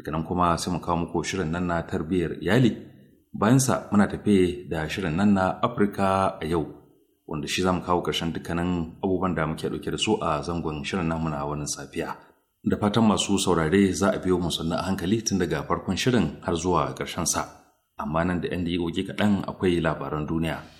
daga nan kuma sai mu kawo muku shirin nan na tarbiyyar iyali bayansa muna tafe da shirin nan na afirka a yau wanda shi za mu kawo ƙarshen dukkanin abubuwan da muke ɗauke da su a zangon shirin namu na wannan safiya da fatan masu saurare za a biyo musu na a hankali tun daga farkon shirin har zuwa ƙarshen sa amma nan da 'yan da yi kaɗan akwai labaran duniya.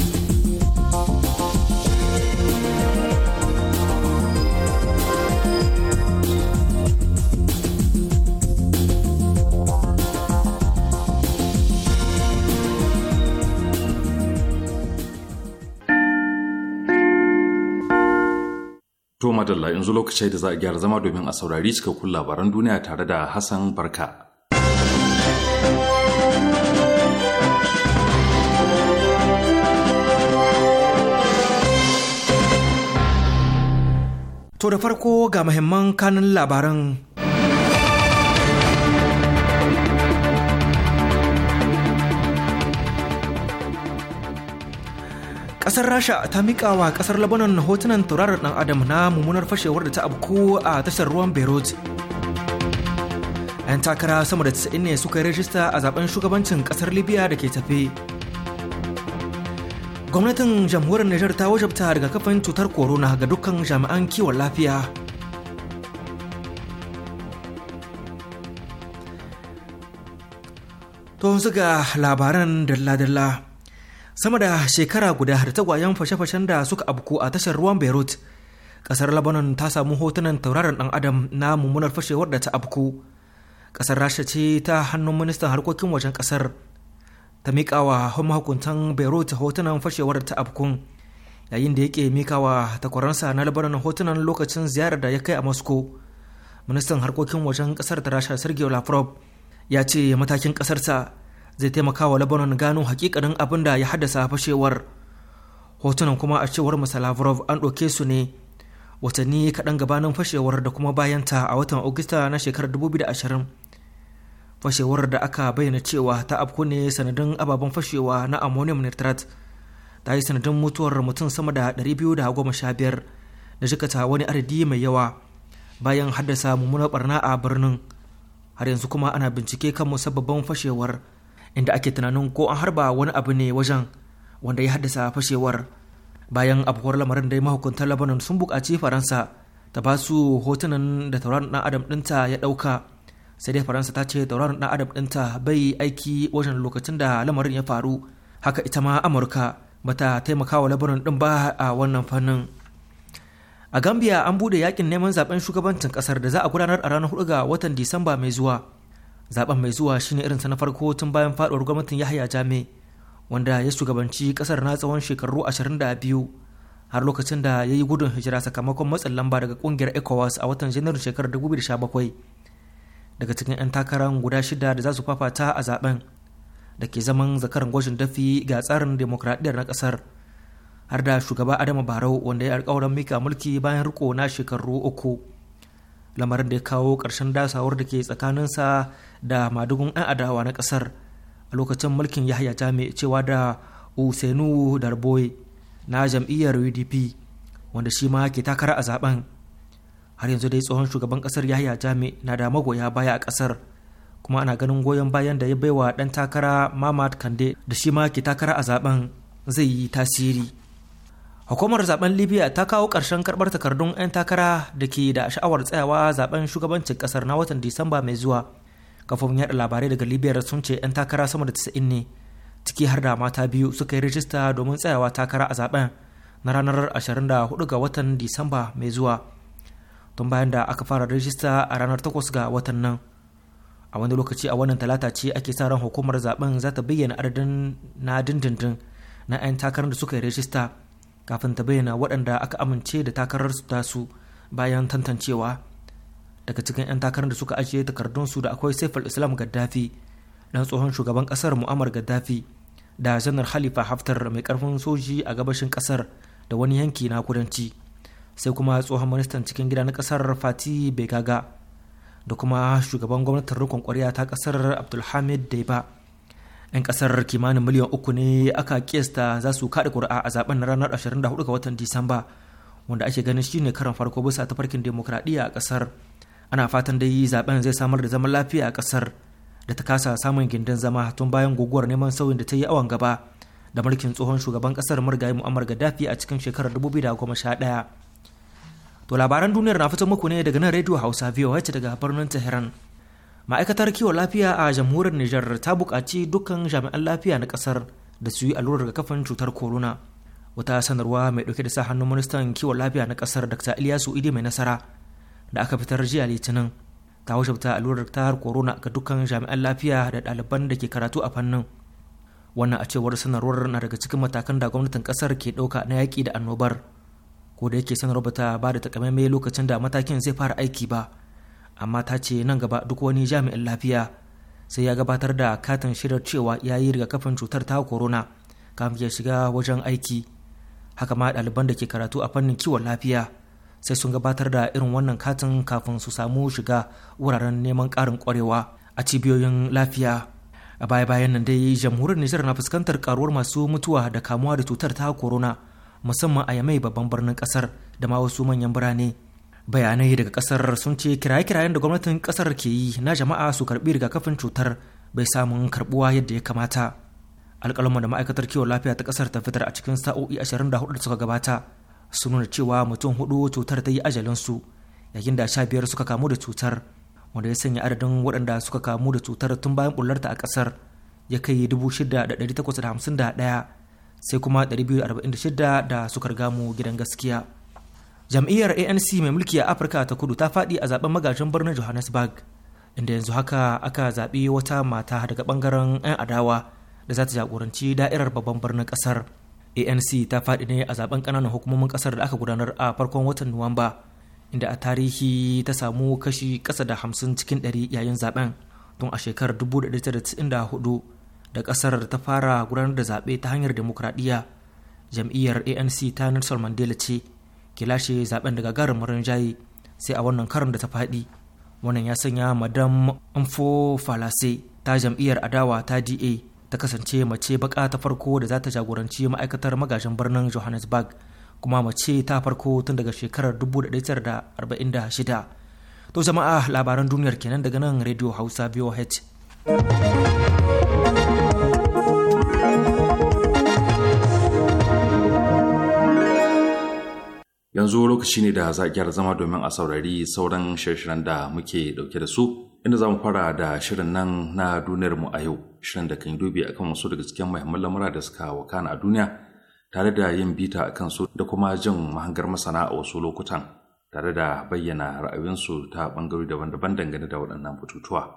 To madalla yanzu lokacin da za a gyara zama domin a saurari cikakkun labaran duniya tare da Hassan Barka. To da farko ga muhimman kanun labaran kasar rasha ta mika wa kasar labanon hotunan tauraron dan adam na mummunar fashewar da ta abku a tashar ruwan beirut 'yan takara sama da 90 ne suka yi rajista a zaben shugabancin kasar libya da ke tafe gwamnatin jamhuriyar nijar ta wajabta daga kafin cutar corona ga dukkan jami'an kiwon lafiya to suka labaran dalla-dalla sama da shekara guda da tagwayen fashe-fashen da suka abku a tashar ruwan beirut kasar lebanon ta samu hotunan tauraron dan adam na mummunar fashewar da ta abku kasar rasha ce ta hannun ministan harkokin wajen kasar ta miƙawa mahukuntan beirut hotunan fashewar da ta abkun yayin da yake mikawa takwaransa na lebanon hotunan lokacin ziyarar da ya kai a moscow ministan harkokin wajen kasar ta rasha sergei lavrov ya ce matakin kasarsa zai taimaka wa lebanon gano hakikanin abin da ya haddasa fashewar hotunan kuma a cewar musalavrov an ɗauke su ne watanni kaɗan gabanin fashewar da kuma bayanta a watan Ogista na shekarar 2020 fashewar da aka bayyana cewa ta afku ne sanadin ababen fashewa na ammonium nitrate ta yi sanadin mutuwar mutum sama da 215 da jikata wani adadi mai yawa bayan haddasa mummunar barna a birnin har yanzu kuma ana bincike kan musabbabin fashewar inda ake tunanin ko an harba wani abu ne wajen wanda ya haddasa fashewar bayan abuwar lamarin dai mahukuntar labanon sun buƙaci faransa ta ba su hotunan da tauraron ɗan adam ɗinta ya ɗauka sai dai faransa ta ce tauraron ɗan adam ɗinta bai aiki wajen lokacin da lamarin ya faru haka ita ma amurka bata taimakawa labanon ɗin ba a wannan fannin a gambia an buɗe yakin neman zaben shugabancin ƙasar da za a gudanar a ranar 4 ga watan disamba mai zuwa zaben mai zuwa shine irinsa na farko tun bayan faduwar gwamnatin yahaya jami wanda ya shugabanci kasar na tsawon shekaru ashirin da biyu har lokacin da ya yi gudun hijira sakamakon matsin lamba daga kungiyar ecowas a watan janairu shekarar 2017 daga cikin 'yan takarar guda shida da za su fafata a zaben da ke zaman zakaran gwajin dafi ga tsarin demokradiyyar na kasar har da shugaba adama barau wanda ya alkawarin mika mulki bayan riko na shekaru uku lamarin da ya kawo ƙarshen dasawar da ke tsakaninsa da madugun 'yan adawa na ƙasar a lokacin mulkin yahya jami cewa da usenu darboe na jam'iyyar udp wanda shi ma ke takara a zaben har yanzu dai tsohon shugaban ƙasar yahya jami na da magoya baya a ƙasar kuma ana ganin goyon bayan da ya baiwa ɗan takara mamad kande da shi ma ke takara a zaben zai yi tasiri hukumar zaben libya ta kawo ƙarshen karbar takardun 'yan takara da ke da sha'awar tsayawa zaben shugabancin kasar na watan disamba mai zuwa kafofin yaɗa labarai daga libya sun ce 'yan takara sama da 90 ne ciki har da mata biyu suka yi rijista domin tsayawa takara a zaben na ranar 24 ga watan disamba mai zuwa tun bayan da aka fara rijista a ranar 8 ga watan nan a wani lokaci a wannan talata ce ake sa ran hukumar zaben za ta bayyana adadin na dindindin na 'yan takarar da suka yi rijista kafin ta bayyana waɗanda aka amince da takarar su tasu bayan tantancewa daga cikin 'yan takarar da suka ajiye takardunsu da akwai saifal islam gaddafi dan tsohon shugaban kasar mu'ammar gaddafi da janar halifa haftar mai karfin soji a gabashin kasar da wani yanki na kudanci sai kuma tsohon ministan cikin gida na kasar fati bai begaga da kuma shugaban gwamnatin rikon kwarya ta kasar abdulhamid deba 'yan kasar kimanin miliyan uku ne aka kiyasta za su kaɗa ƙuri'a a zaben na ranar 24 ga watan disamba wanda ake ganin shi ne karan farko bisa farkin demokradiyya a kasar ana fatan dai zaben zai samar da zaman lafiya a kasar da ta kasa samun gindin zama tun bayan guguwar neman sauyin da ta yi awan gaba da mulkin tsohon shugaban kasar marigayi mu'ammar gaddafi a cikin shekarar 2011 to labaran duniyar na fito muku ne daga nan radio hausa voh daga birnin tehran ma'aikatar kiwon lafiya a jamhuriyar nijar ta buƙaci dukkan jami'an lafiya na ƙasar da su yi allurar rigakafin cutar corona wata sanarwa mai ɗauke da sa hannun ministan kiwon lafiya na ƙasar dr iliyasu idi mai nasara da aka fitar jiya litinin ta ta allurar ta har corona ga dukkan jami'an lafiya da ɗaliban da ke karatu a fannin wannan a cewar sanarwar na daga cikin matakan da gwamnatin ƙasar ke ɗauka na yaƙi da annobar ko da yake sanarwar ba ta ba da takamaimai lokacin da matakin zai fara aiki ba amma ta ce nan gaba duk wani jami'in lafiya sai ya gabatar da katin shirar cewa ya yi rigakafin cutar ta corona kafin ya shiga wajen aiki haka ma ɗaliban da ke karatu a fannin kiwon lafiya sai sun gabatar da irin wannan katin kafin su samu shiga wuraren neman ƙarin ƙwarewa a cibiyoyin lafiya a baya bayan nan dai jamhuriyar nijar na fuskantar karuwar masu mutuwa da kamuwa da cutar ta corona musamman a yamai babban birnin ƙasar da ma wasu manyan birane bayanai daga kasar sun ce kiraye-kirayen da gwamnatin kasar ke yi na jama'a su karbi rigakafin cutar bai samun karbuwa yadda ya kamata alƙalama da ma'aikatar kiwon lafiya ta kasar ta fitar a cikin sa'o'i 24 da suka gabata su nuna cewa mutum hudu cutar ta yi ajalin su yayin da sha biyar suka kamu da cutar wanda ya sanya adadin waɗanda suka kamu da cutar tun bayan bullarta a kasar ya kai 6,851 sai kuma 246 da suka riga mu gidan gaskiya. jam'iyyar anc mai mulki a afirka ta kudu ta faɗi a zaben magajin birnin johannesburg inda yanzu haka aka zaɓi wata mata daga bangaren 'yan adawa da za ta jagoranci da'irar babban birnin ƙasar anc ta faɗi ne a zaben kananan hukumomin ƙasar da aka gudanar a farkon watan nuwamba inda a tarihi ta samu kashi kasa da hamsin cikin dari yayin zaben tun a shekarar 1994 da ƙasar ta fara gudanar da zaɓe ta hanyar demokradiyya jam'iyyar anc ta nelson mandela ce ki lashe zaben da gagarumin jayi sai a wannan karin da ta faɗi wannan ya sanya madam amfo falase ta jam'iyyar adawa ta da ta kasance mace baka ta farko da za ta jagoranci ma'aikatar magajin birnin johannesburg kuma mace ta farko tun daga shekarar 1946 to jama'a labaran duniyar kenan daga nan radio hausa voh yanzu lokaci ne da za a zama domin a saurari sauran shirye da muke dauke da su inda za mu fara da shirin nan na duniyar mu a yau shirin da kan dubi akan wasu daga cikin muhimman lamura da suka wakana a duniya tare da yin bita akan su da kuma jin mahangar masana a wasu lokutan tare da bayyana ra'ayinsu ta bangarori daban-daban dangane da waɗannan batutuwa.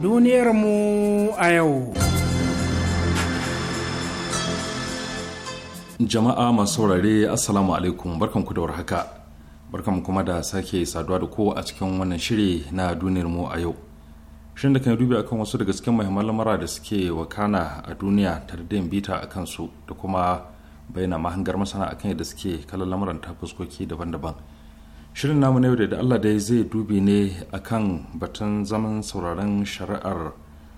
Duniyarmu a yau. Jama'a masu saurare Assalamu alaikum barkanku da warhaka. Barkanku kuma da sake saduwa da kowa a cikin wannan shiri na duniyarmu a yau. Shin da kan dubi akan wasu daga cikin muhimman lamura da suke wakana a duniya tare da bita a kansu da kuma bayyana mahangar masana akan yadda suke kallon lamuran ta fuskoki daban-daban. shirin namu na da allah dai zai dubi ne a kan batun zaman sauraron shari'ar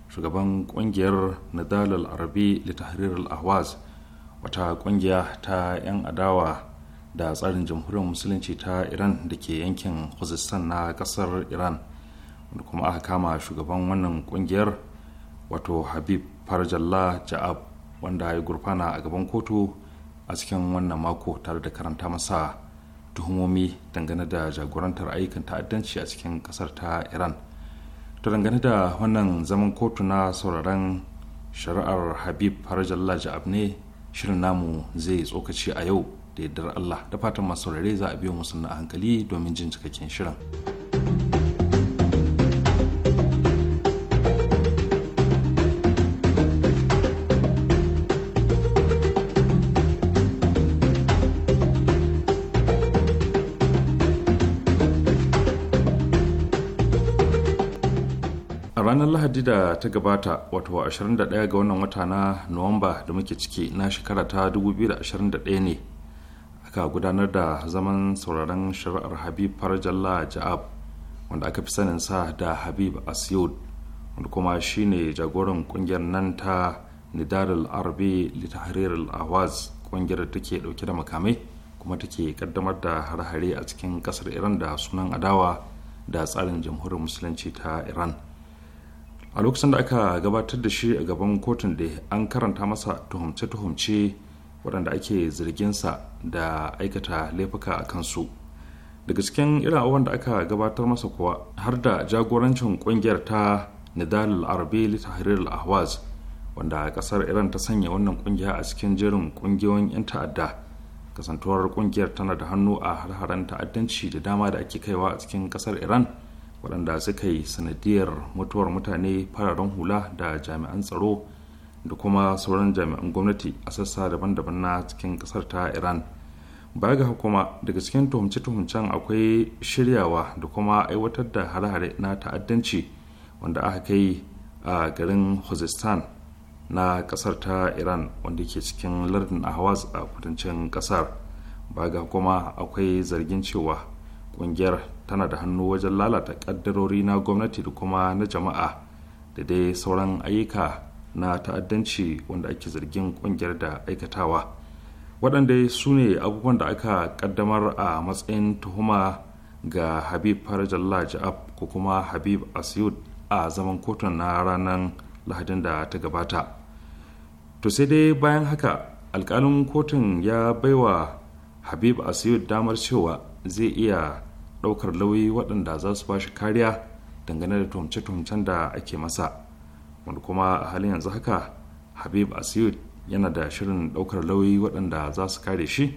shugaban kungiyar nadal arabi litahrir al-ahwaz wata kungiya ta 'yan adawa da tsarin jamhuriyar musulunci ta iran da ke yankin khuzistan na kasar iran wanda kuma aka kama shugaban wannan kungiyar wato habib farjalla ja'ab wanda ya gurfana a gaban kotu a cikin wannan mako tare da karanta masa tuhumomi dangane da jagorantar ayyukan ta'addanci a cikin kasar ta iran ta dangane da wannan zaman kotu na sauraron shari'ar habib farajallah ja'ab ne shirin namu zai tsokaci a yau da yardar allah da fatan masu za a biyo musulun a hankali domin jin cikakken shirin lahadi da ta gabata wato 21 ga wannan wata na nuwamba da muke ciki na shekara ta 2021 ne aka gudanar da zaman sauraron shari'ar habib farajalla ja'ab wanda aka fi sanin sa da habib asyud wanda kuma shine jagoran kungiyar nan ta nidarul arbi litahrir awaz kungiyar da take dauke da makamai kuma take kaddamar da hare-hare a cikin kasar iran da sunan adawa da tsarin jamhuriyar musulunci ta iran a lokacin da aka gabatar da shi a gaban kotun da an karanta masa tuhumce-tuhumce waɗanda ake zarginsa da aikata laifuka a kansu daga cikin irin abubuwan da aka gabatar masa kuwa har da jagorancin ƙungiyar ta nidal arabi litahrir al-ahwaz wanda kasar iran ta sanya wannan kungiya a cikin jerin kungiyoyin 'yan ta'adda kasantuwar kungiyar tana da hannu a har ta'addanci da dama da ake kaiwa a cikin kasar iran waɗanda suka yi sanadiyar mutuwar mutane fararen hula da jami'an tsaro da kuma sauran jami'an gwamnati a sassa daban-daban na cikin ƙasar ta iran baya ga kuma daga cikin tuhumce-tuhumcen akwai shiryawa da kuma aiwatar da hare-hare na ta'addanci wanda aka kai a garin khuzestan na ƙasar ta iran wanda ke cikin lardin ahwaz a kudancin ƙasar baya ga kuma akwai zargin cewa ƙungiyar tana da hannu wajen lalata ƙaddarori na gwamnati da kuma na jama'a da dai sauran ayyuka na ta'addanci wanda ake zargin ƙungiyar da aikatawa waɗanda su ne abubuwan da aka ƙaddamar a matsayin tuhuma ga habib farajalla ja'ab ko kuma habib asiyud a zaman kotun na ranar lahadin da ta gabata to sai dai bayan haka alkalin kotun ya baiwa habib asiyud damar cewa zai iya ɗaukar lauyi waɗanda za su bashi kariya dangane da tuhumce tumcen da ake masa wanda kuma a halin yanzu haka habib asiyud yana da shirin ɗaukar lauyi waɗanda za su kare shi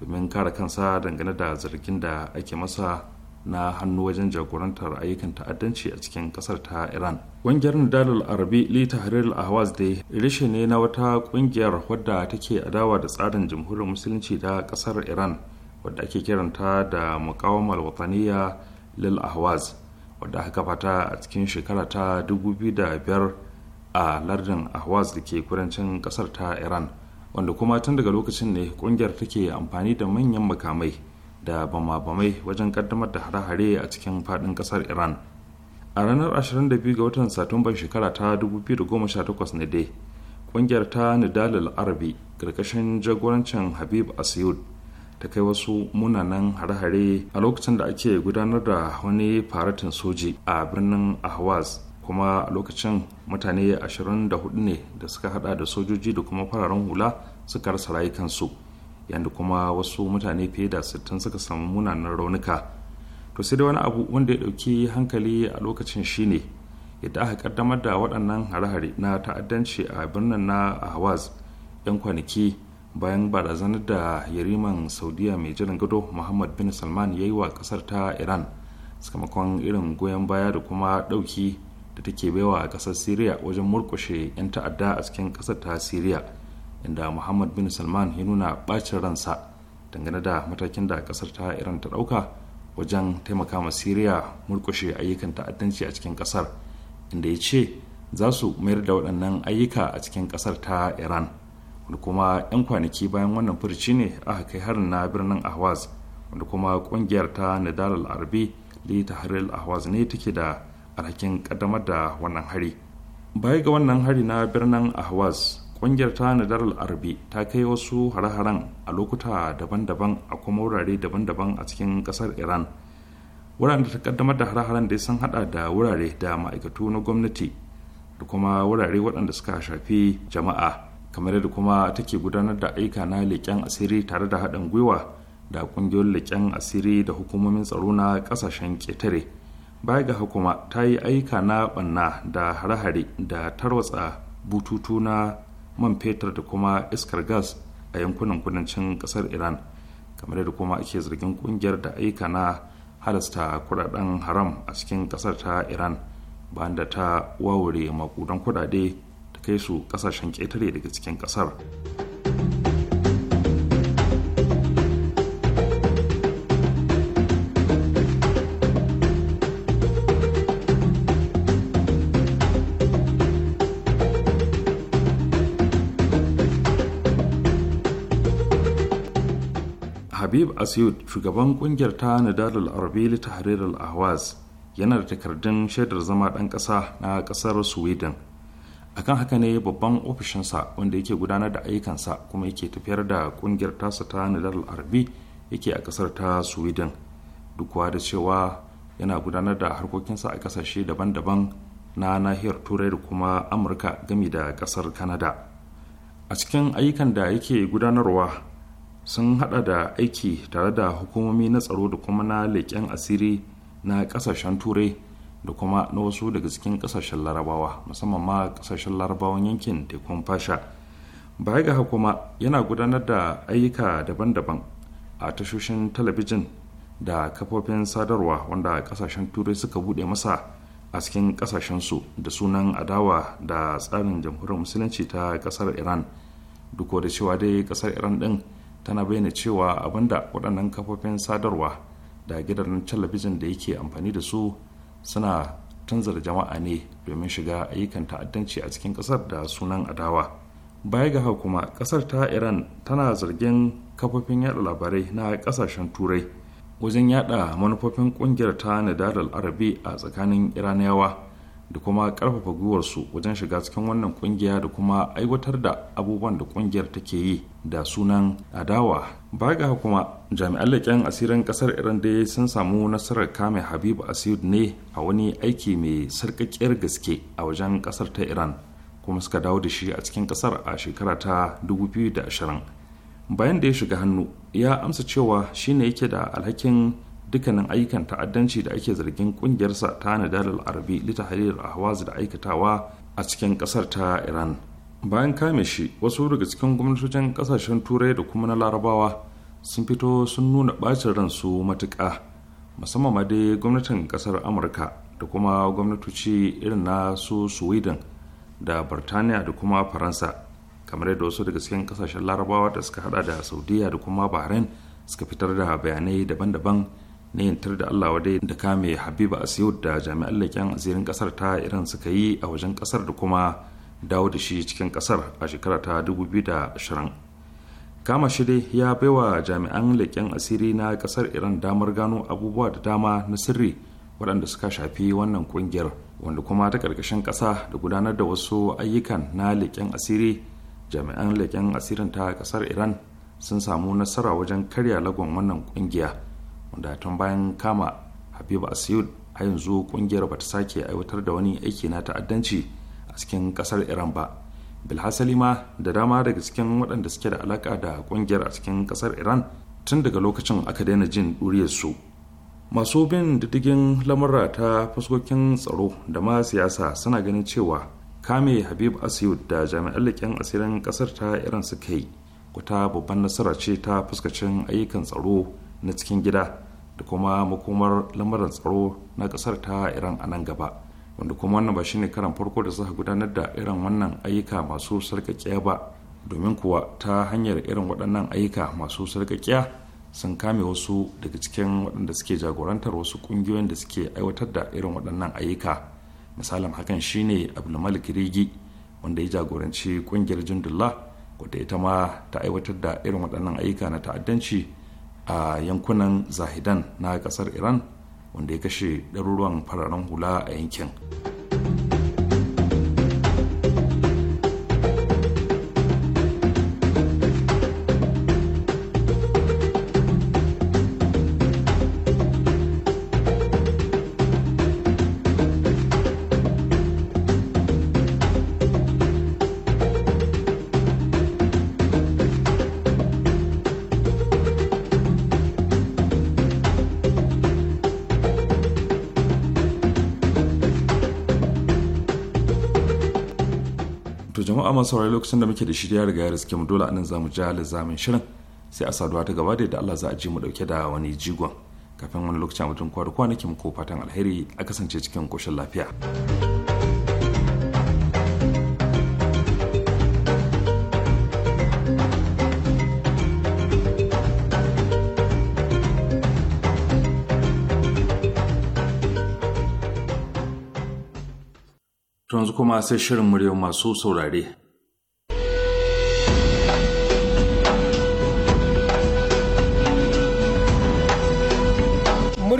domin kare kansa dangane da zargin da ake masa na hannu wajen jagorantar ayyukan ta'addanci a cikin kasar ta iran ƙungiyar nadalar arabi li tahrir ahwaz dai rishe ne na wata ƙungiyar wadda take adawa da tsarin jamhuriyar musulunci da kasar iran wadda ake kiranta da mukawamar wataniya lil ahwaz wadda aka kafa ta a cikin shekara ta 2005 a lardin ahwaz da ke kudancin kasar ta iran wanda kuma tun daga lokacin ne kungiyar take amfani da manyan makamai da bama-bamai wajen kaddamar da hare-hare a cikin fadin kasar iran a ranar 22 ga watan satumban shekara ta 2018 ne dai kungiyar ta nidal arabi karkashin jagorancin habib asiyud ta kai wasu munanan hare-hare a lokacin da ake gudanar da wani faratin soji a birnin ahwaz kuma a lokacin mutane 24 ne da suka hada da sojoji da kuma fararen hula suka rasa rayukansu yadda kuma wasu mutane fiye da 60 suka samu munanan raunuka to sai da wani abu wanda ya dauki hankali a lokacin shine yadda aka kaddamar da waɗannan hare-hare na ta'addanci a birnin na ahwaz 'yan kwanaki bayan barazanar da yariman saudiya mai jiran gado muhammad bin salman ya yi wa kasar ta iran sakamakon irin goyon baya da kuma dauki da take baiwa kasar syria wajen murkushe 'yan ta'adda a cikin kasar ta syria inda muhammad bin salman ya nuna bacin ransa dangane da matakin da kasar ta iran ta ɗauka wajen taimaka ma syria murkushe ayyukan ta'addanci a cikin kasar inda ya ce za su mayar da waɗannan ayyuka a cikin kasar ta iran wanda kuma 'yan kwanaki bayan wannan furci ne aka kai harin na birnin ahwaz wanda kuma kungiyar ta nadal al-arbi da ahwaz ne take da alhakin kaddamar da wannan hari baya ga wannan hari na birnin ahwaz kungiyar ta nadal al'arbi ta kai wasu hare-haren a lokuta daban-daban a kuma wurare daban-daban a cikin kasar iran wuraren da ta kaddamar da hare-haren da sun hada da wurare da ma'aikatu na gwamnati da kuma wurare waɗanda suka shafi jama'a kamar yadda kuma take gudanar da aika na leƙen asiri tare da haɗin gwiwa da ƙungiyoyin leƙen asiri da hukumomin tsaro na ƙasashen ƙetare baya ga hukuma ta yi aika na ɓanna da hare-hare da tarwatsa bututu na man fetur da kuma iskar gas a yankunan kudancin ƙasar iran kamar yadda kuma ake zargin ƙungiyar da aika na halasta kudaden haram a cikin ƙasar ta iran bayan da ta wawure makudan kudade kai su kasashen ƙetare daga cikin ƙasar habib asiyud shugaban kungiyar ta nadalul arbeli tahrir al-ahwaz yana da takardun shaidar zama ɗan ƙasa na ƙasar sweden akan haka ne babban ofishinsa wanda yake gudanar da ayyukansa kuma yake tafiyar da kungiyar tasa ta nilar arbi yake a kasar ta sweden duk da cewa yana gudanar da harkokinsa a kasashe daban-daban na nahiyar turai da kuma amurka gami da kasar kanada a cikin ayyukan da yake gudanarwa sun hada da aiki tare da hukumomi na tsaro da kuma na leƙen asiri na kasashen turai da kuma na wasu daga cikin kasashen larabawa musamman ma kasashen larabawan yankin tekun fasha baya ga kuma yana gudanar da ayyuka daban-daban a tashoshin talabijin da kafofin sadarwa wanda kasashen turai suka bude masa a cikin kasashensu da sunan adawa da tsarin jamhuriyar musulunci ta kasar iran duk da cewa dai kasar iran din tana bayyana cewa abinda waɗannan kafofin sadarwa da gidan talabijin da yake amfani da su suna tunzar jama'a ne domin shiga ayyukan ta'addanci a cikin kasar da sunan adawa baya ga haka kuma kasar ta iran tana zargin kafofin yada labarai na kasashen turai wajen yada manufofin kungiyar ta nadar arabi a tsakanin iraniyawa da kuma karfafa gwiwarsu wajen shiga cikin wannan kungiya da kuma aiwatar da abubuwan da kungiyar take yi da sunan adawa baga kuma jami'an leƙen asirin ƙasar iran dai sun samu nasarar kame habibu asir ne a wani aiki mai sarƙaƙƙiyar gaske a wajen ƙasar ta iran kuma suka dawo da shi a cikin ƙasar a shekara ta 2020 bayan da ya shiga hannu ya amsa cewa shine yake da alhakin dukkanin ayyukan ta'addanci da ake zargin kungiyarsa ta nadalar arabi lita halil ahwaz da aikatawa a cikin kasar ta iran bayan kame shi wasu daga cikin gwamnatocin kasashen turai da kuma na larabawa sun fito sun nuna bacin ransu matuƙa musamman ma dai gwamnatin kasar amurka da kuma gwamnatoci irin na su sweden da birtaniya da kuma faransa kamar yadda wasu daga cikin kasashen larabawa da suka hada da saudiya da kuma bahrain suka fitar da bayanai daban-daban na yin da Allah wadai da kame Habiba Asiyud da jami'an leƙen asirin ƙasar ta Iran suka yi a wajen ƙasar da kuma dawo da shi cikin ƙasar a shekara ta 2020. Kama shi dai ya baiwa jami'an leƙen asiri na ƙasar Iran damar gano abubuwa da dama na sirri waɗanda suka shafi wannan ƙungiyar wanda kuma ta ƙarƙashin ƙasa da gudanar da wasu ayyukan na leƙen asiri jami'an leƙen asirin ta ƙasar Iran sun samu nasara wajen karya lagon wannan ƙungiya. wanda tun bayan kama habibu asiyud a yanzu kungiyar ba ta sake aiwatar da wani aiki na ta'addanci a cikin kasar iran ba bilhassali ma da dama daga cikin waɗanda suke da alaka da kungiyar a cikin kasar iran tun daga lokacin aka daina jin su masu bin diddigin lamura ta fuskokin tsaro da ma siyasa suna ganin cewa kame habib asiyud da jami'an leƙen asirin ƙasar ta iran suka yi kuta babban nasara ce ta fuskacin ayyukan tsaro na cikin gida da kuma makomar lamarin tsaro na kasar ta iran a nan gaba wanda kuma wannan ba shine karan farko da za gudanar da irin wannan ayyuka masu sarkakiya ba domin kuwa ta hanyar irin waɗannan ayyuka masu sarkakiya sun kame wasu daga cikin waɗanda suke jagorantar wasu ƙungiyoyin da suke aiwatar da irin waɗannan ayyuka misalin hakan shine abdulmalik rigi wanda ya jagoranci ƙungiyar jundullah wadda ita ma ta aiwatar da irin waɗannan ayyuka na ta'addanci a yankunan zahidan na kasar iran wanda ya kashe ɗaruruwan fararen hula a yankin kuma saurari lokacin da muke da shirya riga ya riske mu dole anan zamu ja zamin shirin sai a saduwa ta gaba da yadda Allah za a ji mu dauke da wani jigon kafin wani lokacin mutum kwa da kwanaki mu ko fatan alheri a kasance cikin koshin lafiya. yanzu kuma sai shirin muryar masu saurare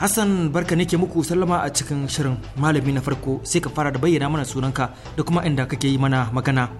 Hassan barka nake muku sallama a cikin shirin malami na farko sai ka fara da bayyana mana sunanka da kuma inda kake yi mana magana.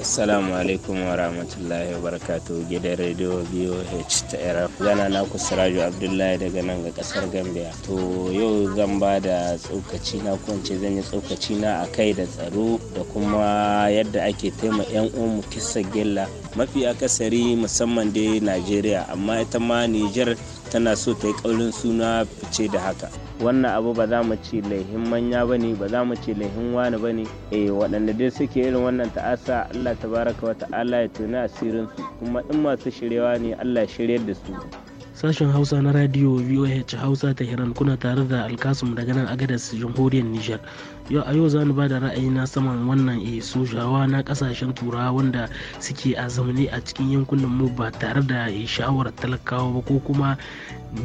Assalamu alaikum wa rahmatullahi wa barakatu gidan rediyo BOH ta Iraq. Gana na ku Siraju Abdullahi daga nan ga kasar Gambia. To yau zan ba da tsokaci na kwance zan yi tsokaci na a kai da tsaro da kuma yadda ake taimaka 'yan mu kisa gilla mafi akasari musamman dai najeriya amma ita ma nijar tana so ta yi ƙaurin suna fice da haka wannan abu ba za mu ce laihin manya ba ne ba za mu ce laihin wani ba ne eh waɗanda dai suke irin wannan ta'asa allah baraka wa ta'ala ya asirin su kuma in masu shirewa ne allah shiryar da su sashen hausa na radio voh hausa ta hiran kuna tare da alkasum daga nan agadas jamhuriyar nijar yau a yau za ba da ra'ayina saman wannan e sojawa na kasashen turawa wanda suke a zaune a cikin yankunan mu ba tare da eh, shawarar talakawa ba ko kuma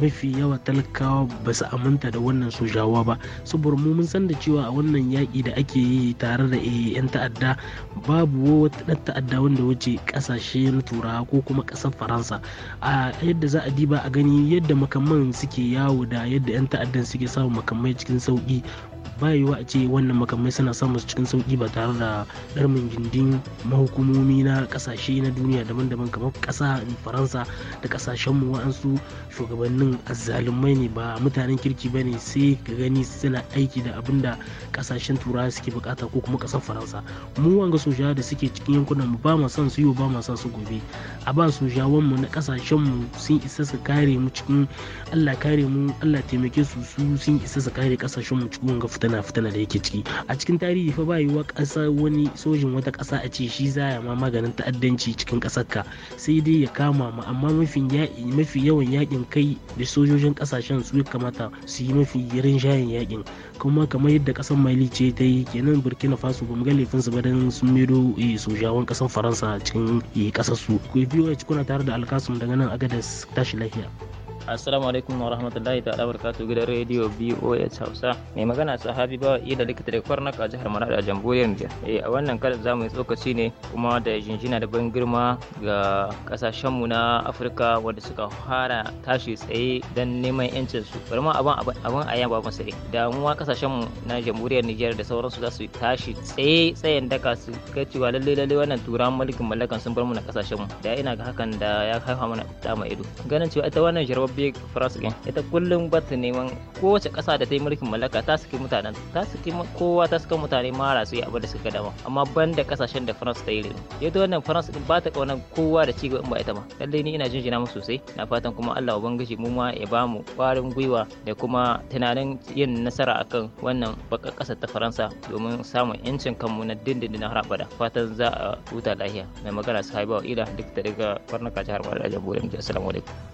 mafi yawa talakawa ba su aminta da wannan sojawa ba saboda mu mun san da cewa a wannan yaƙi da ake yi tare da yan eh, ta'adda babu wata ɗan ta'adda wanda wuce ƙasashe na turawa ko kuma ƙasar faransa a yadda za a diba a gani yadda makamman suke yawo da yadda yan ta'addan suke samun makamai cikin sauƙi ba yiwuwa a ce wannan makamai suna samun su cikin sauki ba tare da ɗarmin gindin mahukumomi na ƙasashe na duniya daban-daban kamar ƙasa faransa da ƙasashen mu wa'ansu shugabannin azzalumai ne ba mutanen kirki ba ne sai ka gani suna aiki da abin da ƙasashen turawa suke bukata ko kuma ƙasar faransa mu wanga sojawa da suke cikin yankunan mu ba ma son su yi ba ma son su gobe a ba sojawan mu na ƙasashen mu sun isa su kare mu cikin Allah kare mu Allah taimake su su sun isa su kare ƙasashen mu cikin wanga fita fitana fitana da yake ciki a cikin tarihi fa ba yiwuwa ƙasa wani sojin wata kasa a ce shi za ya ma maganin ta'addanci cikin ƙasar ka sai dai ya kama ma amma mafi yawan yakin kai da sojojin ƙasashen su ya kamata su yi mafi shayin yakin kuma kamar yadda ƙasar mali ce ta yi kenan burkina faso ba mu ga laifinsu ba dan sun maido eh, sojawan ƙasar faransa cikin eh, ƙasar su ku biyo kuna tare da alkasun daga nan agadas tashi lafiya Assalamu alaikum wa rahmatullahi ta'ala barkatu gidan rediyo BOS Hausa. Mai magana sahabi bawa da likita da kwarnak a jihar Maradi a jamhuriyar Nijar. Eh a wannan karan za mu yi tsokaci ne kuma da jinjina da ban girma ga kasashenmu na Afirka wanda suka fara tashi tsaye don neman yancin su. Bari ma abin abin a yaba masu ne. Damuwa kasashenmu na jamhuriyar Nijar da sauransu za su tashi tsaye tsayen daka su ga cewa lalle lalle wannan turan mulkin mallakan sun bar mu na kasashenmu. Da ina ga hakan da ya haifa mana da ido. Ganin cewa ita wannan jarabar big first game ita kullum ba ta neman kowace ƙasa da ta yi mulkin mallaka ta saki mutanen ta saki kowa ta saka mutane mara su yi abu da suka dama amma ban da ƙasashen da france ta yi ya ta wannan france din ba ta ƙaunar kowa da ci gaban ba ita ma lallai ni ina jinjina musu sosai na fatan kuma allah ubangiji mu ma ya bamu ƙwarin gwiwa da kuma tunanin yin nasara akan wannan baka ƙasar ta faransa domin samun yancin kanmu na dindindin na harabada fatan za a huta lahiya mai magana su haibawa ila duk da daga kwarnaka jihar mara Jamhuriyar jamhuriyar assalamu alaikum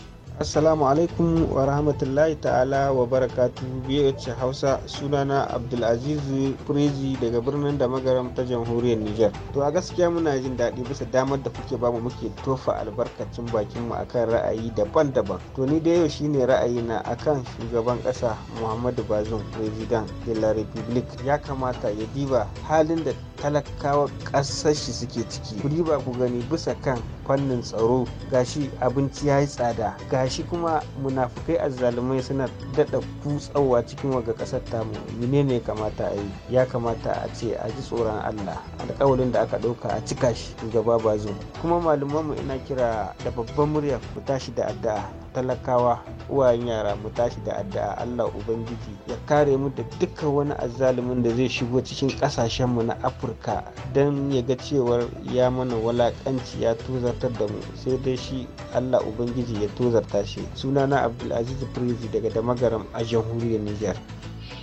Assalamu alaikum wa rahmatullahi ta'ala wa barakatu BH Hausa sunana Abdulaziz Kurezi daga birnin da magaram ta jamhuriyar Nijar. To a gaskiya muna jin daɗi bisa damar da kuke bamu muke tofa albarkacin bakinmu akan ra'ayi daban-daban. To ni da yau shine ra'ayi na akan shugaban ƙasa Muhammadu Bazoum President de la Republique ya kamata ya diba halin da talakawa ƙasar shi suke ciki ku riba ku gani bisa kan fannin tsaro gashi abinci ya yi tsada gashi kuma munafukai azzalumai suna daɗa kutsawa cikin waga ƙasar tamu mine ne kamata a yi ya kamata a ce a ji tsoron allah alƙawalin da aka ɗauka a cika shi gaba ba zo kuma mu ina kira da babban murya ku tashi da addu'a talakawa uwayen yara mu tashi da addu'a allah ubangiji ya kare mu da duka wani azzalumin da zai shigo cikin ƙasashenmu na afirka ka don ya ga cewar ya mana walakanci ya tozartar da mu sai dai shi allah ubangiji ya tozarta shi sunana abdulaziz prezi daga damagaram a jamhuriyar nijar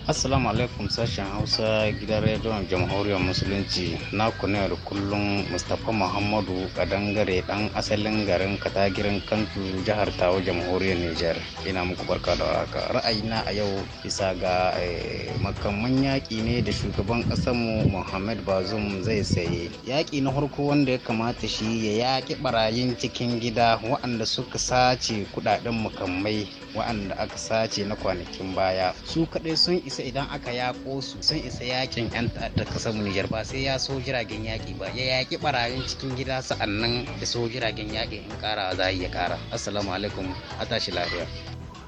assalamu alaikum sashen hausa gidan rediyon jamhuriyar musulunci na kuna da kullum mustapha muhammadu kadangare dan asalin garin katagirin kantu jihar tawo jamhuriyar Nijar. ina muku barka da waraka ra'ayina a yau bisa ga eh, makamman yaƙi ne da shugaban ƙasarmu muhammad bazum zai saye yaƙi na farko wanda ya kamata shi ya yaƙi barayin cikin gida waɗanda suka sace kuɗaɗen makamai waɗanda aka sace na kwanakin baya su kaɗai sun isa sai idan aka yaƙo su sun isa yakin yan ta'adda kasar Nijar ba sai ya so jiragen yaƙi ba ya yaƙi barayin cikin gida sa'annan da so jiragen yaƙi in ƙara za ya ƙara assalamu alaikum a tashi lafiya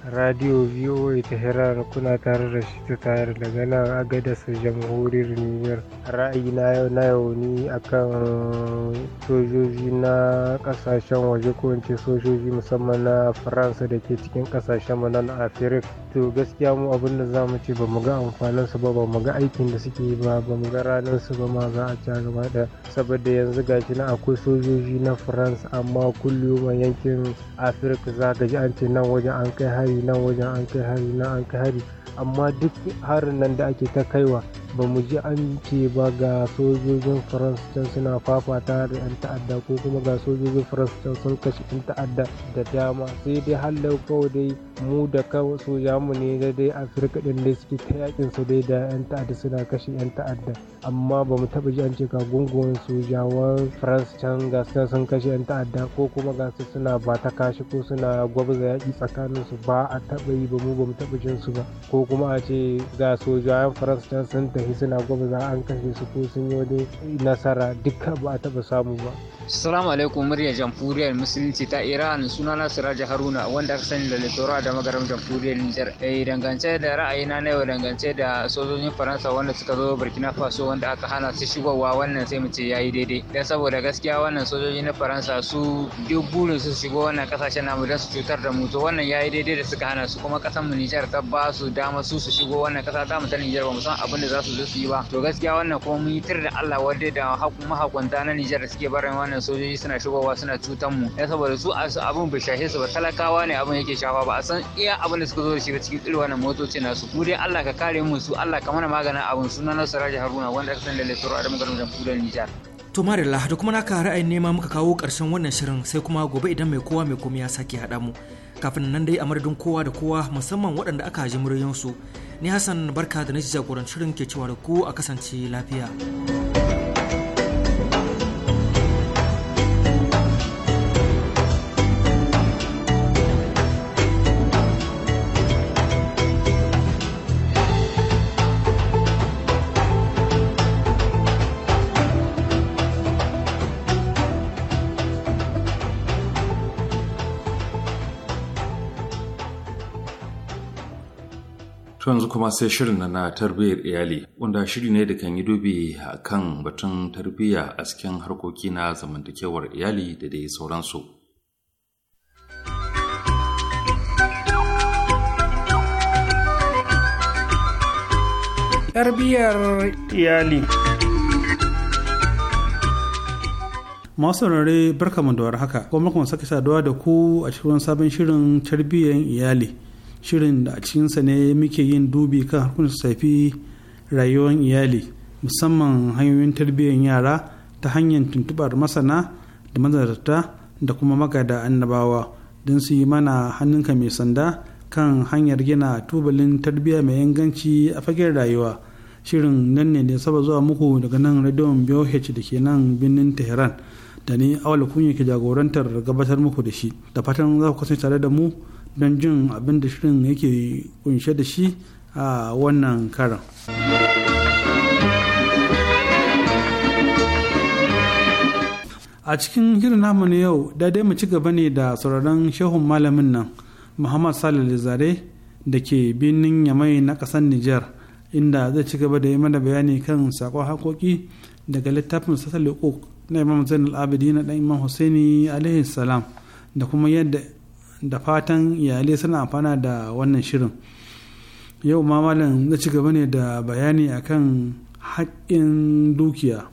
radio voa tehran kuna tare da shi ta tayar daga nan agadasa jamhuriyar niger na yau na yau ni akan sojoji na kasashen waje ko ce sojoji musamman na faransa da ke cikin kasashen mu na afirik to gaskiya mu abin da za mu ce ba mu ga amfanin su ba ba mu ga aikin da suke yi ba ba mu ga ranar su ba ma za a ci gaba da saboda yanzu gashi na akwai sojoji na faransa amma kullum yankin afirik za ka ji an ce nan wajen an kai hari hari nan wajen an kai hari nan an kai hari amma duk harin nan da ake ta kaiwa ba mu ji an ce ba ga sojojin can suna fafata da 'yan ta'adda ko kuma ga sojojin france can sun kashe 'yan ta'adda da dama sai dai halar kawai dai mu da kawai mu ne da dai afirka din da suke ta yakin su dai da 'yan ta'adda suna kashe 'yan ta'adda amma ba mu taba ji an ce ga gungun sojawan france can ga sun kashe 'yan ta'adda ko kuma ga su suna ba kashi ko suna gwabza yaƙi tsakaninsu ba a taba yi ba mu ba mu taba jin su ba ko kuma a ce ga sojawan faransa can sun tafi suna za an kashe su ko sun yi wani nasara duka ba a taba samu ba Assalamu alaikum muryar jamhuriyar musulunci ta Iran nasira ji Haruna wanda aka sani da litora da magaram jamhuriyar Nijar. Eh, dangance da ra'ayina na yau dangance da sojojin Faransa wanda suka zo Burkina Faso wanda aka hana su shigowa wannan sai mu ce yi daidai. Dan saboda gaskiya wannan sojoji na Faransa su duk burin su shigo wannan kasashen namu don su cutar da mu to wannan yi daidai da suka hana su kuma kasan mu Nijar ta ba su dama dama su su shigo wannan kasa ta mu ta Nijar ba mu san abin da za su zo su yi ba to gaskiya wannan kuma mun yi tir da Allah wadda da mahakunta na Nijar da suke barin wannan sojoji suna shigowa suna cutan mu ya saboda su a abin bai shahe su ba talakawa ne abin yake shafa ba a san iya abin da suka zo da shi ba cikin irin wannan motoci nasu mu dai Allah ka kare mu su Allah ka mana maganin abin sunan Nasiru Haruna wanda aka san da Lesoro Adamu Garin Jamhuriyar Nijar To Marilla da kuma naka ra'ayin nema muka kawo ƙarshen wannan shirin sai kuma gobe idan mai kowa mai komai ya sake haɗa mu. Kafin nan dai a madadin kowa da kowa musamman waɗanda aka ji muryoyinsu. Ni Hassan barka da na jagoran shirin ke cewa da ku a kasance lafiya. kuma sai shirin na na tarbiyyar iyali wanda shiri ne da kan yi dubi a kan batun tarbiyya a cikin harkoki na zamantakewar iyali da dai sauransu. Tarbiyyar iyali masu rare barkamu da haka kuma kuma sake saduwa da ku a cikin sabon shirin tarbiyyar iyali shirin da a cikinsa ne muke yin dubi kan harkokin safi rayuwar iyali musamman hanyoyin tarbiyyar yara ta hanyar tuntubar masana da manzarta da kuma magada annabawa don su yi mana hannunka mai sanda kan hanyar gina tubalin tarbiyya mai inganci a fagen rayuwa shirin nan ne da saba zuwa muku daga nan radion boh da ke nan birnin tehran da ni awal kunya ke jagorantar gabatar muku da shi da fatan za ku kasance tare da mu don jin abin da shirin yake kunshe da shi a wannan karan. a cikin shirin namu na yau daidai mu ci gaba ne da sauraron shehun malamin nan muhammad salih zare da ke birnin yamai na ƙasar niger inda zai ci gaba da yi mana bayani kan sakon hakoki daga littafin sassa na imam zainal abidi na imam husaini alaihi salam da kuma yadda da fatan iyalai suna amfana da wannan shirin yau ma malam na ci gaba ne da bayani akan haƙƙin dukiya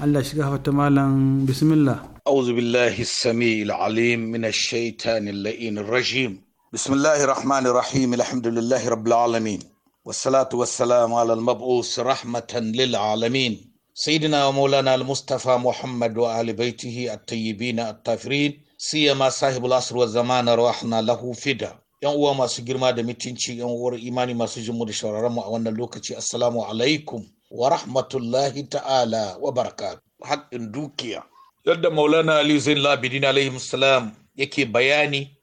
allah shiga fata malam bismillah أعوذ بالله السميع العليم من الشيطان اللئين الرجيم بسم الله الرحمن الرحيم الحمد لله رب العالمين والصلاة والسلام على المبعوث رحمة للعالمين سيدنا ومولانا المصطفى محمد وآل بيته الطيبين الطاهرين siyama sahibul wa zamana rahna lahu fida yan uwa masu girma da mutunci yan uwar imani masu jinmu da shawararren mu a wannan lokaci assalamu alaikum wa rahmatullahi ta'ala wa baraka haƙƙin dukiya yadda maulana ali zain labidin alaihi salam yake bayani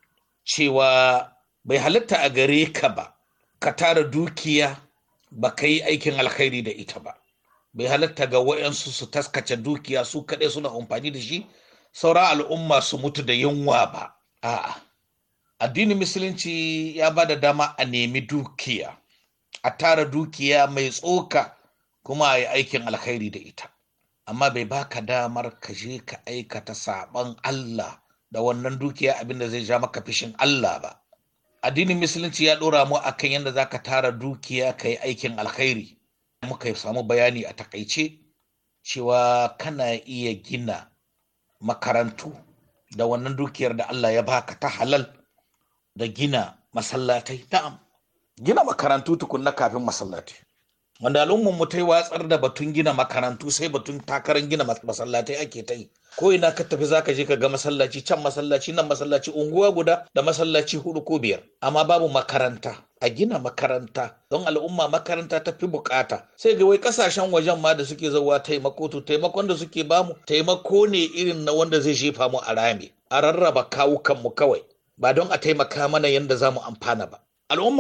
cewa bai halitta a gare ka ba ka tara dukiya ba ka yi aikin alkhairi da ita ba bai halitta ga wa'yansu su taskace dukiya su kaɗai suna amfani da shi sauran al'umma su mutu da yunwa ba a'a addinin musulunci ya ba da dama a nemi dukiya a tara dukiya mai tsoka kuma a yi aikin alkhairi da ita amma bai baka damar ka je ka aikata saɓan Allah da wannan dukiya abinda zai ja maka fishin Allah ba addinin musulunci ya ɗora mu akan yadda za ka tara dukiya ka yi aikin alkhairi muka samu bayani a takaice cewa kana iya gina makarantu da wannan dukiyar da Allah ya baka ta halal da gina masallatai na'am gina makarantu tukunna kafin masallatai wanda al'ummar mu ta yi watsar da batun gina makarantu sai batun takarar gina masallatai ake ta yi ko ina ka tafi zaka je ka ga masallaci can masallaci nan masallaci unguwa guda da masallaci hudu ko biyar amma babu makaranta a gina makaranta don al'umma makaranta ta fi bukata sai ga wai kasashen wajen ma da suke zauwa taimako to taimakon da suke bamu taimako ne irin na wanda zai jefa mu a rami a rarraba kawukanmu kawai ba don a taimaka mana yadda za mu amfana ba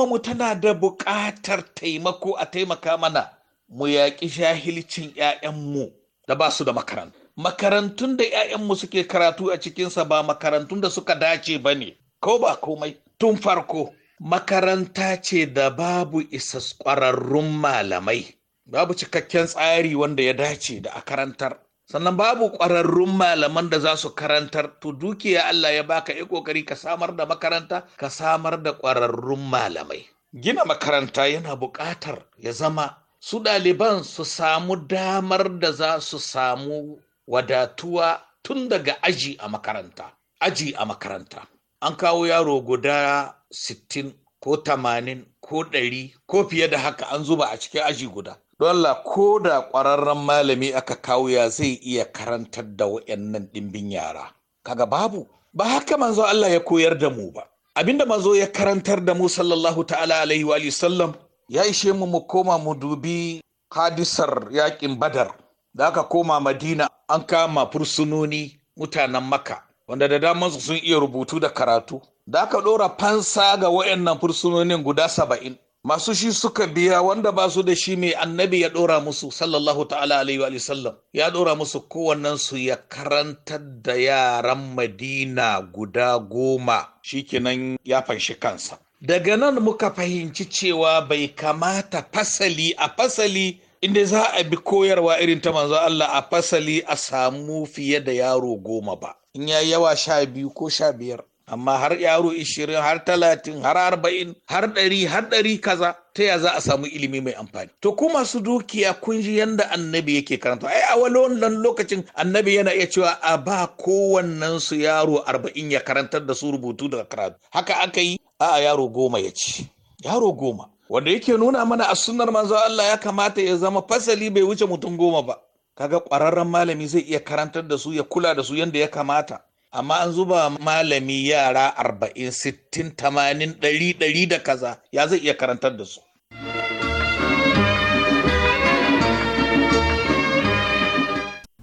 mu tana da bukatar taimako a taimaka mana mu yaƙi jahilcin 'ya'yanmu da ba su da makaranta makarantun da 'ya'yanmu suke karatu a cikinsa ba makarantun da suka dace ba ne ko ba komai tun farko makaranta ce da babu isas ƙwararrun malamai babu cikakken tsari wanda ya dace da a karantar sannan babu ƙwararrun malaman da za su karantar to dukiya Allah ya baka yi ƙoƙari ka samar da makaranta ka samar da ƙwararrun malamai gina makaranta yana buƙatar ya zama su ɗaliban su samu damar da za su samu wadatuwa tun daga aji a makaranta aji a makaranta an kawo yaro guda sittin ko tamanin ko ɗari ko fiye da haka an zuba a cikin aji guda Allah ko da ƙwararren malami aka kawo ya zai iya karantar da wayannan ɗimbin yara kaga babu ba haka manzo Allah ya koyar da mu ba abinda manzo ya karantar da mu sallallahu ta'ala alaihi wa sallam ya ishe mu mu koma mu dubi hadisar yakin badar da aka koma madina an kama fursunoni mutanen maka wanda da damansu sun iya rubutu da karatu da ka ɗora fansa ga wayannan fursunonin guda saba'in masu shi suka biya wanda ba su da shi mai annabi ya ɗora musu sallallahu ta'ala alaihi wa sallam ya ɗora musu kowannen su ya karantar da yaran madina guda goma shikenan ya fanshi kansa daga nan muka fahimci cewa bai kamata fasali a fasali inda za a bi koyarwa irin ta manzo Allah a fasali a samu fiye da yaro goma ba in ya yawa sha biyu ko sha biyar amma har yaro ishirin har talatin har arba'in har ɗari har ɗari kaza ta ya za a samu ilimi mai amfani to ku masu dukiya kun ji yanda annabi yake karanta ai a wannan lokacin annabi yana iya cewa a ba kowannen su yaro arba'in ya karantar da su rubutu daga karatu haka aka yi a yaro goma ya ci yaro goma wanda yake nuna mana a sunar manzo Allah ya kamata ya zama fasali bai wuce mutum goma ba kaga ƙwararren malami zai iya karantar da su ya kula da su yanda ya kamata amma an zuba malami yara arba'in sittin tamanin ɗari ɗari da kaza ya zai iya karantar da su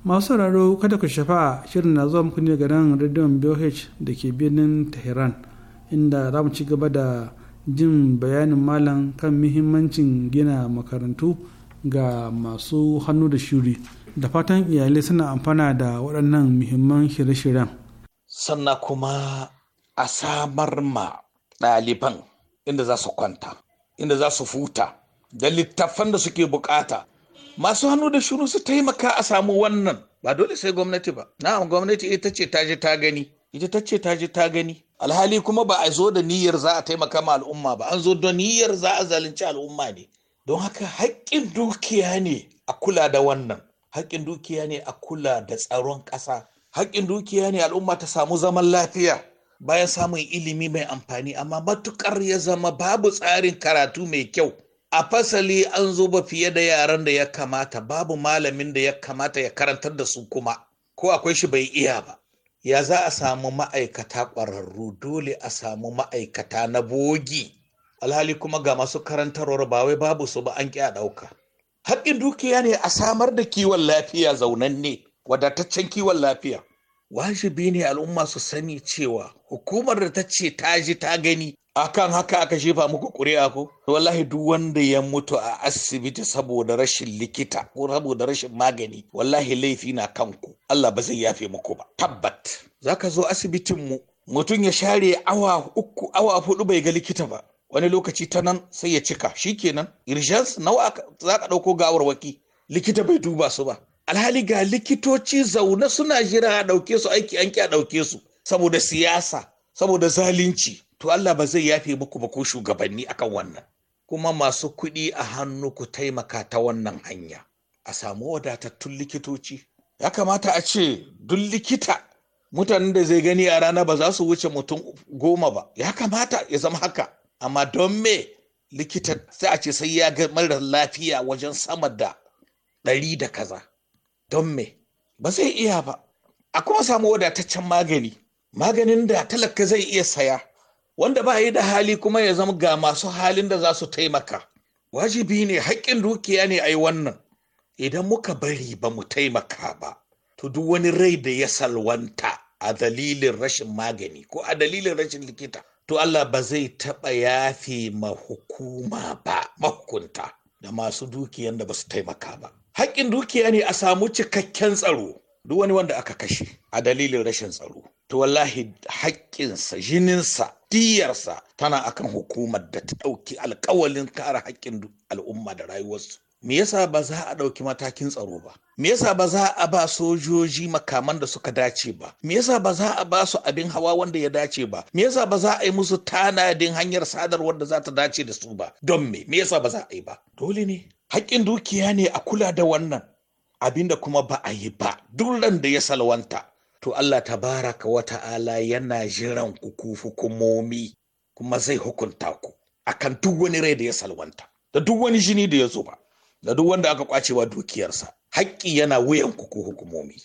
masu sauraro kada ku shafa shirin na zuwa muku ne nan rediyon BOH da ke birnin Tehran inda za mu ci gaba da jin bayanin malam kan muhimmancin gina makarantu ga masu hannu da shuri da fatan iyalai suna amfana da waɗannan muhimman shirye-shiryen. sannan kuma a samar ma ɗaliban inda za su kwanta inda za su futa da littafan da suke bukata masu hannu da shuru su taimaka a samu wannan ba dole sai gwamnati ba na'am gwamnati ita ce ta je ta gani ita ta ce ta je ta gani alhali kuma ba a zo da niyyar za a taimaka ma al'umma ba an zo da niyyar za a zalunci al'umma ne don haka haƙƙin dukiya ne a kula da wannan haƙƙin dukiya ne a kula da tsaron ƙasa haƙƙin dukiya ne al'umma ta samu zaman lafiya bayan samun ilimi mai amfani amma matuƙar ya zama babu tsarin karatu mai kyau a fasali an zo ba fiye da yaran da ya kamata babu malamin da ya kamata ya karantar da su kuma ko akwai shi bai iya ba ya za a samu ma'aikata ƙwararru dole a samu ma'aikata na bogi alhali kuma ga masu karantarwar ba wai babu su ba an ƙi a ɗauka haƙƙin dukiya ne a samar da kiwon lafiya zaunanne wadataccen kiwon lafiya wajibi ne al'umma su sani cewa hukumar da ta ce ta ji ta gani akan haka aka shefa muku ƙuri'a ko wallahi duk wanda ya mutu a asibiti saboda rashin likita ko saboda rashin magani wallahi laifi na kanku Allah ba zai yafe muku ba tabbat Za ka zo asibitin mu mutum ya share awa uku awa hudu bai ga likita ba wani lokaci ta nan sai ya cika shikenan irjans nawa za ka ɗauko waki. likita bai duba su ba alhali ga likitoci zaune suna jira a ɗauke su aiki an a ɗauke su saboda siyasa saboda zalunci to Allah ba zai yafe muku ba ko shugabanni akan wannan kuma masu kuɗi a hannu ku taimaka ta wannan hanya a samu wadatattun likitoci ya kamata a ce duk likita mutanen da zai gani a rana ba za su wuce mutum goma ba ya kamata ya zama haka amma don me likita sai a ce sai ya ga mara lafiya wajen sama da ɗari da kaza don me ba zai iya ba a kuma samu wadataccen magani maganin da talaka zai iya saya wanda ba yi da hali kuma ya zama ga masu halin da za su taimaka wajibi ne haƙƙin dukiya ne a yi wannan idan muka bari ba mu taimaka ba to duk wani rai da ya salwanta a dalilin rashin magani ko a dalilin rashin likita to Allah ba zai taɓa yafe mahukuma ba mahukunta da masu dukiyan da ba su taimaka ba haƙƙin dukiya ne a samu cikakken tsaro duk wani wanda aka kashe a dalilin rashin tsaro to wallahi haƙƙinsa jininsa diyarsa tana akan hukumar da ta ɗauki alƙawalin kare haƙƙin al'umma da rayuwarsu me yasa ba za a ɗauki matakin tsaro ba me yasa ba za a ba sojoji makaman da suka dace ba me yasa ba za a ba su abin hawa wanda ya dace ba me yasa ba za a yi musu tanadin hanyar sadarwar da za ta dace da su ba don me me yasa ba za a yi ba dole ne haƙƙin dukiya ne a kula da wannan abinda kuma ba a yi ba duk ran da ya salwanta to Allah ta baraka wa ta'ala yana jiran ku ku hukumomi kuma zai hukunta ku akan duk wani rai da ya salwanta da duk wani jini da ya zo ba, da duk wanda aka kwacewa dukiyarsa haƙƙi yana wuyan ku ku hukumomi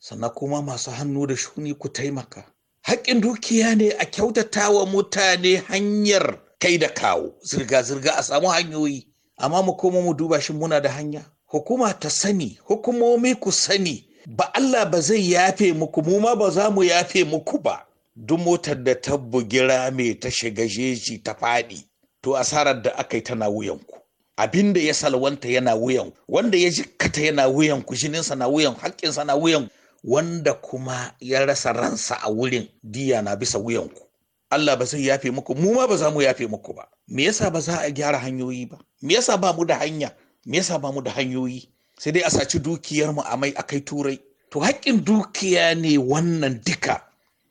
sannan kuma masu hannu da shuni ku taimaka haƙƙin dukiya ne a kyautata wa mutane hanyar kai da kawo zirga-zirga a samu hanyoyi amma mu koma mu duba shi muna da hanya hukuma ta sani hukumomi ku sani ba Allah ba zai yafe muku mu ma ba za mu yafe muku ba duk motar da ta bugi rame ta shiga jeji ta faɗi to asarar da aka yi tana wuyanku abin da ya salwanta yana wuyan wanda ya jikkata yana wuyan ku jininsa na wuyan haƙƙinsa na wuyan wanda kuma ya rasa ransa a wurin diya na bisa wuyanku Allah ba zai yafe muku mu ma ba za mu yafe muku ba me yasa ba za a gyara hanyoyi ba me yasa ba mu da hanya me yasa ba mu da hanyoyi sai dai a saci dukiyar mu a mai a kai turai to haƙƙin dukiya ne wannan duka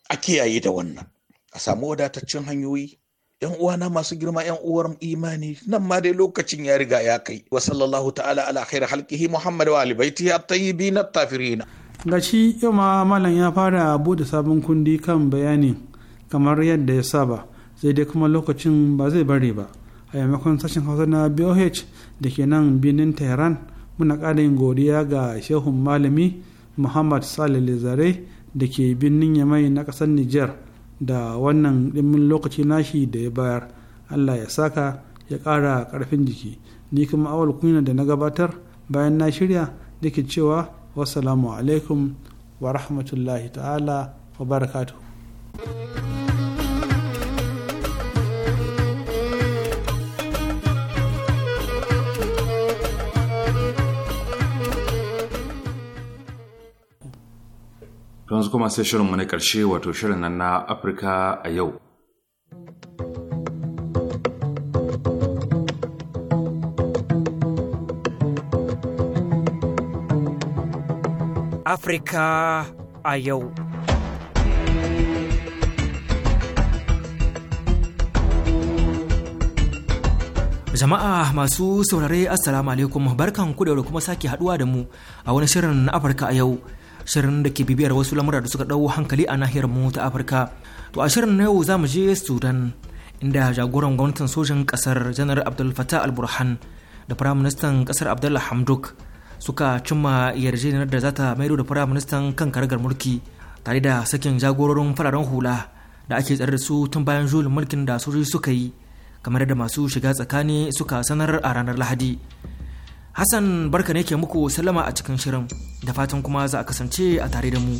a kiyaye da wannan a samu wadataccen hanyoyi yan uwana masu girma yan uwar imani nan ma dai lokacin ya riga ya kai wa sallallahu ta'ala ala khair halqihi muhammad wa ali baitihi at-tayyibin at-tafirin gashi yau ma malam ya fara bude sabon kundi kan bayani kamar yadda ya saba sai dai kuma lokacin ba zai bari ba a yamakon sashen hausa na boh da ke nan birnin tehran muna ƙara yin godiya ga shehun malami muhammad salih zare da ke birnin yamai na ƙasar niger da wannan ɗimin lokaci nashi da ya bayar allah ya saka ya ƙara karfin jiki ni kuma awal kunya da na gabatar bayan na shirya da ke cewa wasu alaikum wa rahmatullahi ta'ala wa barakatu. yanzu kuma sai shirinmu na ƙarshe wato shirin nan na Afirka a yau. Afirka a yau. Jama'a masu saurare Assalamu alaikum barkan ku da kuma sake haduwa da mu a wani shirin na Afirka a yau. shirin da ke bibiyar wasu lamura da suka ɗau hankali a nahiyar mu ta afirka to a shirin na yau za mu je sudan inda jagoran gwamnatin sojin ƙasar janar abdul fatah al-burhan da firaministan ƙasar abdul hamduk suka cimma yarjejeniyar da za ta maido da firaministan kan karagar mulki tare da sakin jagororin fararen hula da ake tsare da su tun bayan julin mulkin da sojoji suka yi kamar da masu shiga tsakani suka sanar a ranar lahadi Hassan barka ne ke muku sallama a cikin shirin da fatan kuma za a kasance a tare da mu.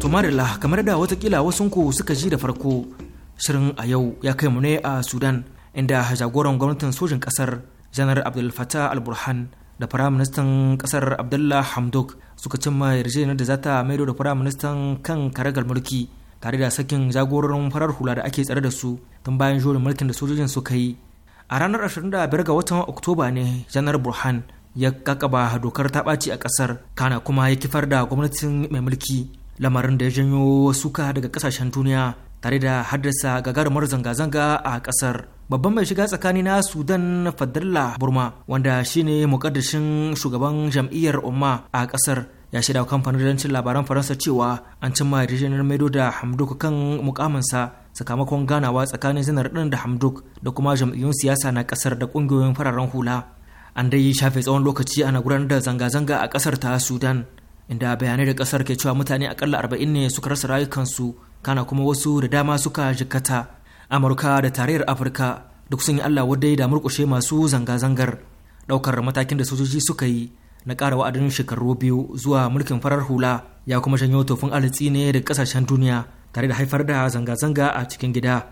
Tumarila kamar da watakila wasunku suka ji da farko shirin a yau ya kai mu ne a Sudan inda jagoran gwamnatin sojin kasar janar Abdul Fattah al-Burhan da firaministan kasar Abdullah Hamdok suka cimma yarjejeniyar da za ta maido da firaministan kan karagar mulki. tare da sakin jagororin farar hula da ake tsare da su tun bayan jurin mulkin da sojojin suka yi a ranar 25 ga watan oktoba ne janar burhan ya kakaba dokar ta ɓaci a ƙasar kana kuma ya kifar da gwamnatin mai mulki lamarin da ya janyo suka daga ƙasashen duniya tare da haddasa gagarumar zanga-zanga a ƙasar babban mai shiga tsakani na sudan fadalla burma wanda shine muƙaddashin shugaban jam'iyyar umma a ƙasar ya shaida kamfanin rancin labaran faransa cewa an cimma yarjejeniyar maido da hamduk kan mukaminsa sakamakon ganawa tsakanin zinar din da hamduk da kuma jam'iyyun siyasa na kasar da kungiyoyin fararen hula an dai shafe tsawon lokaci ana gudanar da zanga-zanga a kasar ta sudan inda bayanai da kasar ke cewa mutane akalla arba'in ne suka rasa rayukansu kana kuma wasu da dama suka jikkata amurka da tarayyar afirka duk sun yi allah wadai da murkushe masu zanga-zangar daukar matakin da sojoji suka yi na ƙara wa'adin shekaru biyu zuwa mulkin farar hula ya kuma shanyo tofin alitsi ne da ƙasashen duniya tare da haifar da zanga-zanga a cikin gida.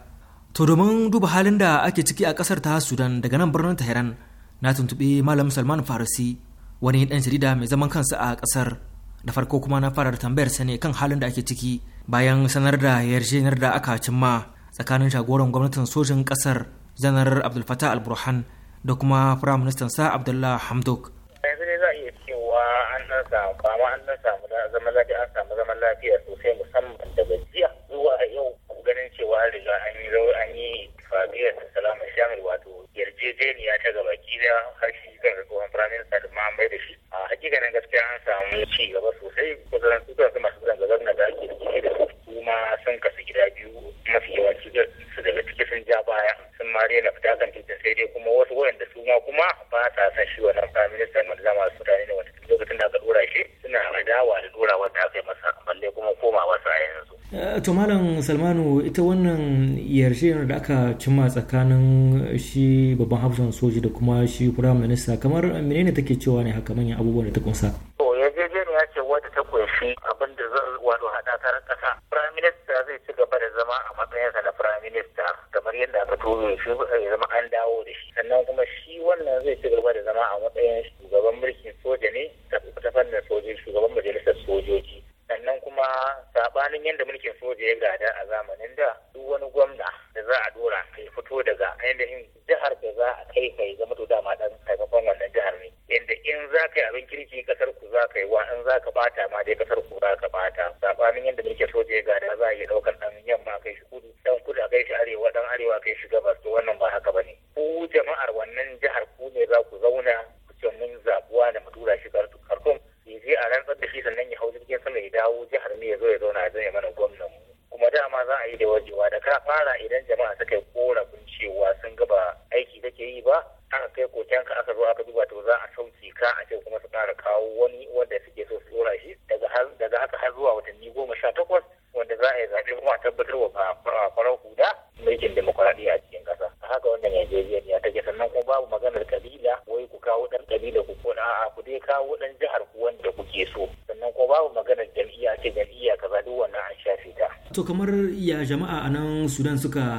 To domin duba halin da ake ciki a ƙasar ta Sudan daga nan birnin Tehran na tuntuɓi Malam Salman Farisi wani ɗan jarida mai zaman kansa a ƙasar. Da farko kuma na fara da tambayar sa ne kan halin da ake ciki bayan sanar da yarjejeniyar da aka cimma tsakanin jagoran gwamnatin sojin ƙasar janar Abdul Fattah al-Burhan da kuma Firaministan sa Abdullah Hamdok. samu fama an na samu zaman lafiya an samu zaman lafiya sosai musamman daga jiya zuwa yau ganin cewa riga an yi rau an yi fabiyar da salama shamil wato yarjejeniya ta gaba da har shi kan rikon firamin sa da mai da shi a hakikanin gaskiya an samu ci gaba sosai kusan su kan su masu zanga-zanga da ake da su kuma sun kasu gida biyu mafi yawanci su daga ciki sun ja baya sun ma daina fita kan titin sai dai kuma wasu wayanda su ma kuma ba sa san shi wannan to malam salmanu ita wannan yarjejeniyar da aka cimma tsakanin shi babban hafsan soji da kuma shi firayim minista kamar menene take cewa ne haka manyan abubuwan da ta kunsa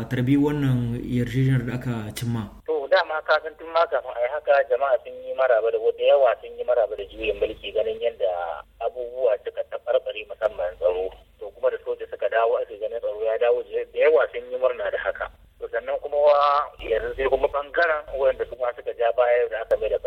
tarbi wannan yarjejeniyar da aka cimma to dama ka san tun ma kafin a yi haka jama'a sun yi maraba da da yawa sun yi maraba da juyin mulki ganin yadda abubuwa suka tabarbare musamman tsaro to kuma da soja suka dawo ake ganin tsaro ya dawo da yawa sun yi murna da haka to sannan kuma yanzu sai kuma bangaren wanda kuma suka ja baya da aka mai da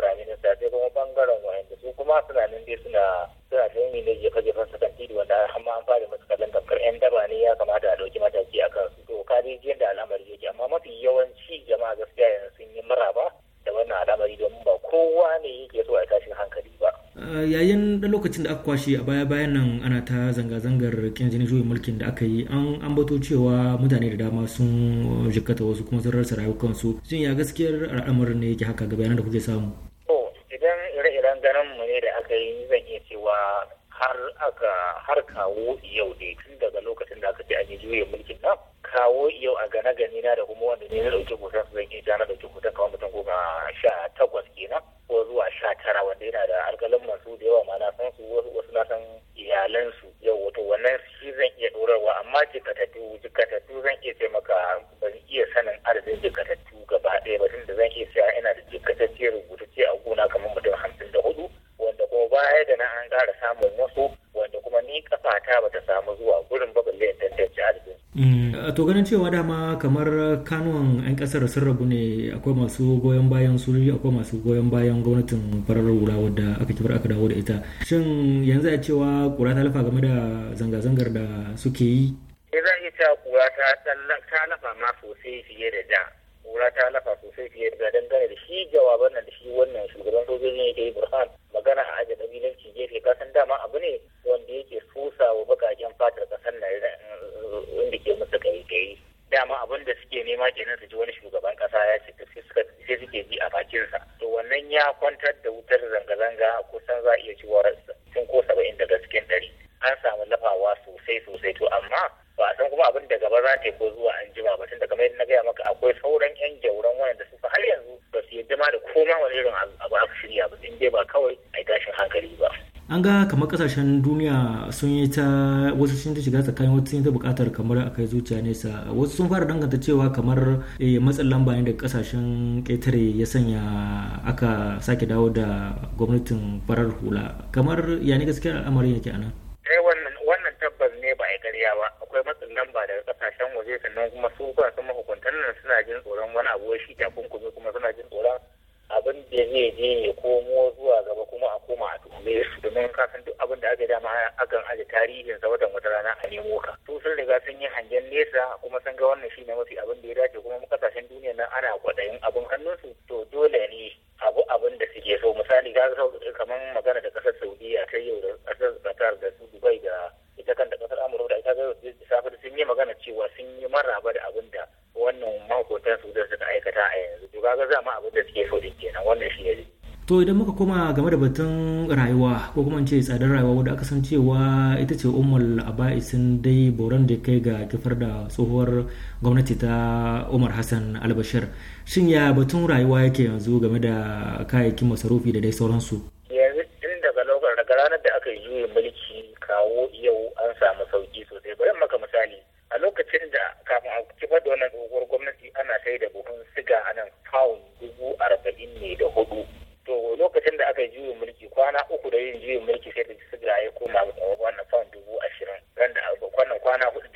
lokacin da aka kwashe a baya bayan nan ana ta zanga-zangar kin jini juyin mulkin da aka yi an ambato cewa mutane da dama sun jikkata wasu kuma sun rasa rayukansu shin ya gaskiyar al'amarin ne yake haka ga bayanan da kuke samu cewa dama kamar kanuwan 'yan kasar sun rabu ne akwai masu goyon bayan sojoji akwai masu goyon bayan gwamnatin farar hula wadda aka kifar aka dawo da ita shin yanzu a cewa kura ta lafa game da zanga-zangar da suke yi bakinsa to wannan ya kwantar da wutar zanga-zanga kusan za a iya cewa sun ko saba'in daga cikin ɗari an samu lafawa sosai sosai to amma ba san kuma abin da gaba za ta yi ko zuwa an jima ba tunda kamar yadda na gaya maka akwai sauran yan jauran wanda su har yanzu ba su yadda ma da koma wani irin abu aka shirya ba in dai ba kawai a tashin hankali ba an ga kamar kasashen duniya sun yi ta wasu sun shiga tsakanin wasu sun yi ta bukatar kamar a kai zuciya nesa wasu sun fara danganta cewa kamar eh, matsin lamba ne da kasashen ƙetare ya sanya aka sake dawo da gwamnatin farar hula kamar ya ne gaskiya al'amarin yake anan eh, wannan tabbas ne ba a ƙarya ba akwai matsin lamba daga kasashen waje sannan kuma su kuma sun mahukuntan nan suna jin tsoron wani abu shi takunkumi kuma suna jin tsoron abin da zai je ya komo kan aje tarihin sa watan wata rana a nemo ka su sun riga sun yi hangen nesa kuma sun ga wannan shine mafi to idan muka koma game da batun rayuwa ko kuma ce tsadar rayuwa wadda aka san cewa ita ce umar aba'isin dai boron da kai ga kifar da tsohuwar gwamnati ta umar hassan albashir shin ya batun rayuwa yake yanzu game da kayayyakin masarufi da dai sauransu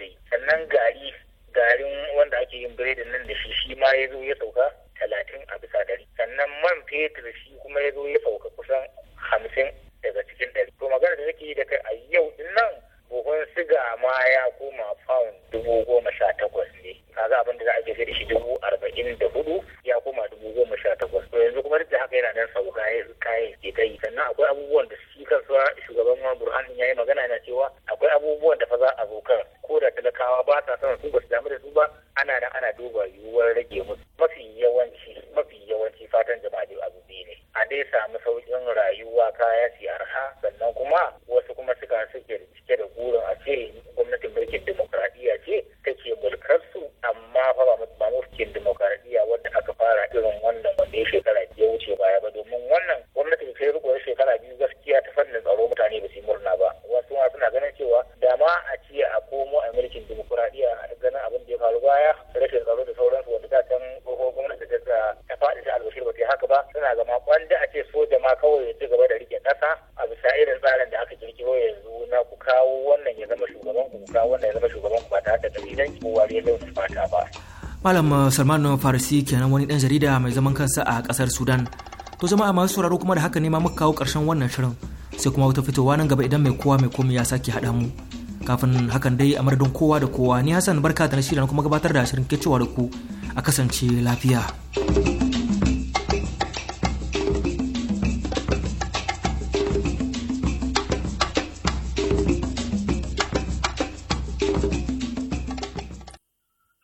ne sannan gari garin wanda ake yin biredin nan da shi shi ma ya zo ya sauka talatin a bisa ɗari sannan man fetur shi kuma ya zo ya Malam eh, Salman Farisi kenan wani dan jarida mai zaman kansa a kasar Sudan. To jama'a masu sauraro kuma da haka ne ma muka kawo karshen wannan shirin sai kuma wata fitowa nan gaba idan mai kowa mai komi ya sake haɗa mu. Kafin hakan dai a madadin kowa da kowa ni Hassan barka da na kuma gabatar da shirin kecewa da ku a kasance lafiya.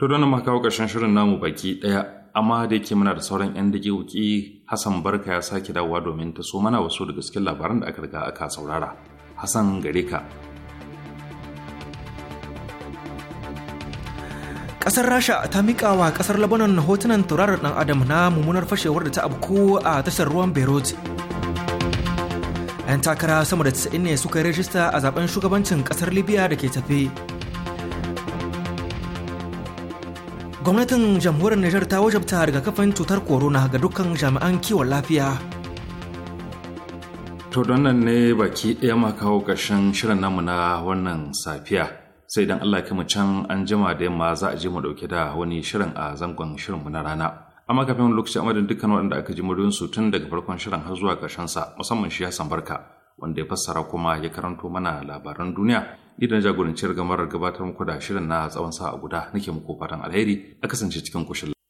To don mu kawo ƙarshen shirin namu baki ɗaya amma da yake muna da sauran 'yan daƙiƙoƙi Hassan Barka ya sake dawowa domin ta so mana wasu daga cikin labaran da aka riga aka saurara. Hassan gare ka. Ƙasar Rasha ta miƙa wa ƙasar Lebanon hotunan tauraron ɗan Adam na mummunar fashewar da ta abku a tashar ruwan Beirut. 'Yan takara sama da 90 ne suka yi rajista a zaben shugabancin ƙasar Libya da ke tafi. gwamnatin jamhuriyar Nijar ta wajabta rigakafin cutar corona ga dukkan jami'an kiwon lafiya. To don nan ne baki ɗaya ma kawo ƙarshen shirin namu na wannan safiya. Sai idan Allah mu can an jima da yamma za a je mu ɗauke da wani shirin a zangon shirinmu na rana. Amma kafin lokaci amadin dukkan waɗanda aka ji su tun daga farkon shirin har zuwa ƙarshen sa musamman shi ya Barka wanda ya fassara kuma ya karanto mana labaran duniya. ni da na jagoranci gamarar gabatar muku da shirin na tsawon sa'a guda nake muku fatan alheri a kasance cikin kushin